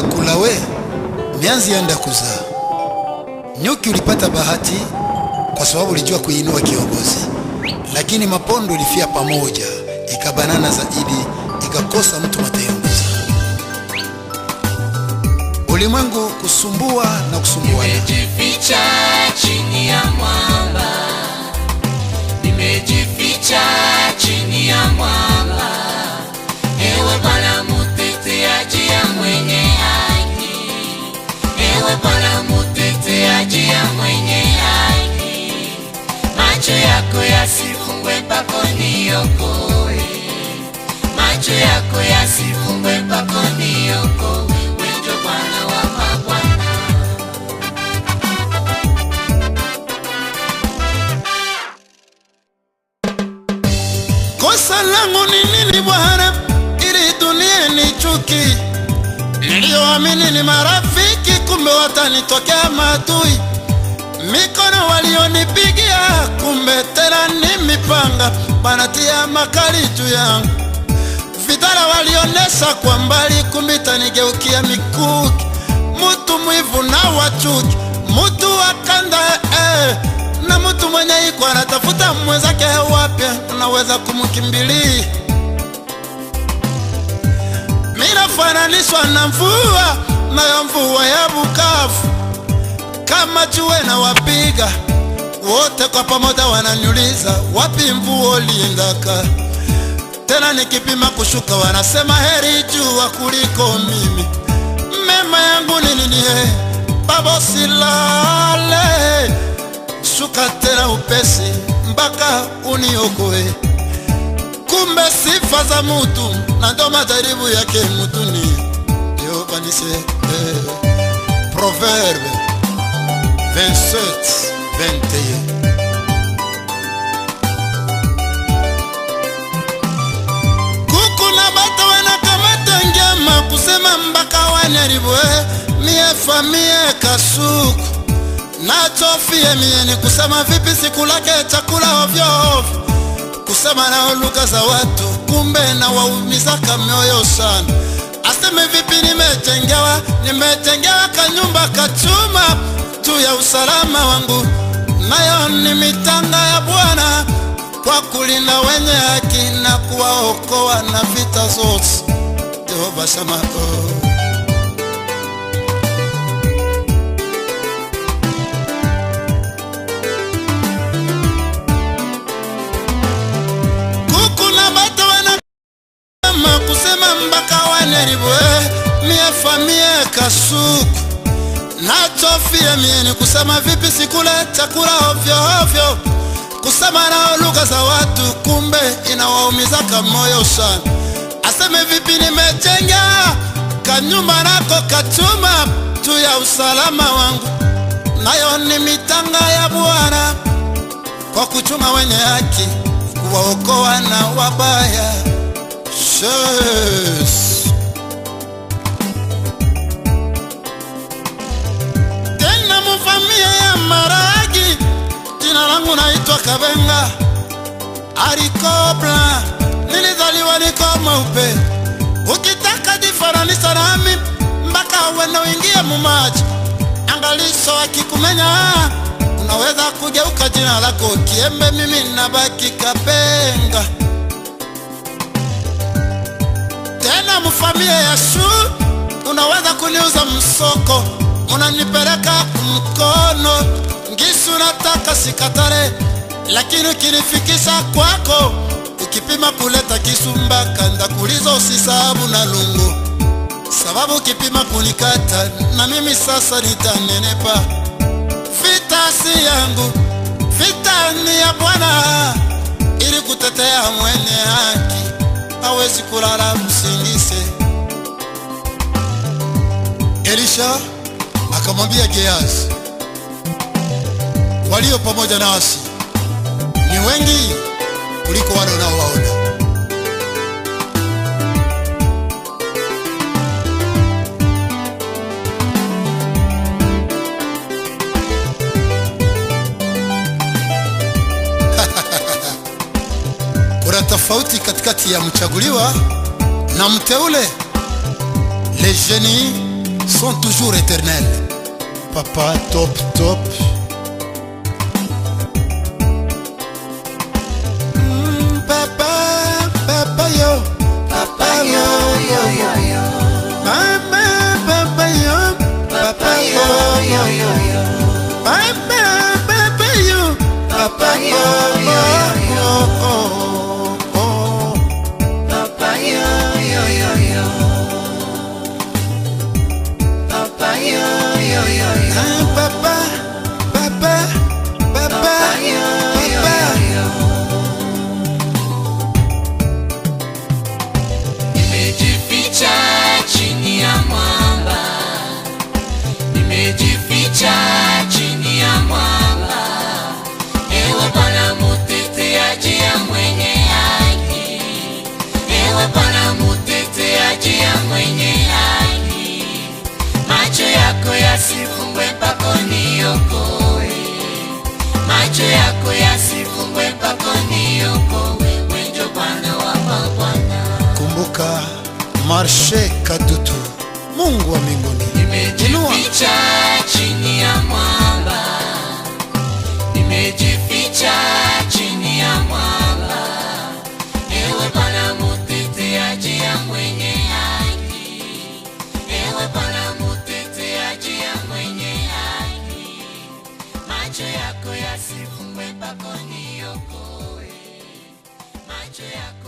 ndakula we mianzi yanda kuzaa. Nyuki ulipata bahati kwa sababu ulijua kuinua kiongozi, lakini mapondo ilifia pamoja, ikabanana zaidi, ikakosa mtu mataiongoza. Ulimwengu kusumbua na kusumbuana. Ewe Bwana mteteajia, mwenye haki, macho yako yasifungwe macho yako yasifungwe langu ni nini Bwana, ili dunia ni niliyoamini ni marafiki kumbe watanitokea matui, mikono walionipigia, kumbe tena ni mipanga banatia makali juu yangu. Vitara walionesa kwa mbali, kumbe tanigeukia mikuki, mutu mwivu na wachuki, mutu wakanda eh, na mutu mwenye iko anatafuta mwenzake wapya, unaweza kumkimbili. Mimi na mvua na mvua ya Bukavu kama juwe na wapiga wote kwa pamoja wananiuliza wapi mvua lindaka tena nikipima kushuka wanasema heri jua kuliko mimi. Mema yangu ni nini? He babo, silale, shuka tena upesi mpaka uniokoe. Kumbe sifa za mutu na ndo majaribu yake mutuni makanise eh. proverbe 27 21 kukula bato wanakamata ngema kusema mbaka waneribwe mie kasuku nachofie mie ni kusema vipi sikulake chakula ovyo ovyo kusema nao luka za watu kumbe na waumizaka mioyo sana nimetengewa, nimetengewa kanyumba kachuma tu ya usalama wangu, nayo ni mitanga ya Bwana kwa kulinda wenye haki na kuwaokoa na vita zote. Jehova Shama, oh. Kuku na bata wana kusema mpaka wanaribu eh mie famie kasuku natofie mie ni kusema vipi, sikule chakula ovyo ovyo, kusema nao lugha za watu, kumbe inawaumizaka moyo sana. Aseme vipi, nimejenga kanyumba nako kachuma tu ya usalama wangu, nayo ni mitanga ya Bwana kwa kuchuma wenye haki, kuwaokoa na wabaya. Yes. arikobla nilizaliwa niko mweupe, ukitaka jifananisha nami mpaka uende uingie mumaji. angaliso akikumenya unaweza kugeuka jina lako kiembe. Mimi nabaki Kapenga, tena mfamie Yesu, unaweza kuniuza msoko, unanipeleka mkono ngisu, nataka sikatare lakini ukinifikisha kwako, ukipima kuleta kisumbaka, ndakuliza usisahabu na lungu, sababu ukipima kunikata, na mimi sasa nitanenepa. Vita si yangu, vita ni ya Bwana, ili kutetea mwenye haki, hawezi kulala msingise Elisha akamwambia Gehazi, walio pamoja nasi ni wengi kuliko wale unaowaona. Kuna tofauti katikati ya mchaguliwa na mteule. Les génies sont toujours éternels. Papa top top. I'm kutoka Marshe Kadutu. Mungu wa mbinguni, nimejificha chini ya mwamba, nimejificha chini ya mwamba, ewe Bwana muteteaji ya mwenye haki, ewe Bwana muteteaji ya mwenye haki, macho yako yasifungwe mpaka macho yako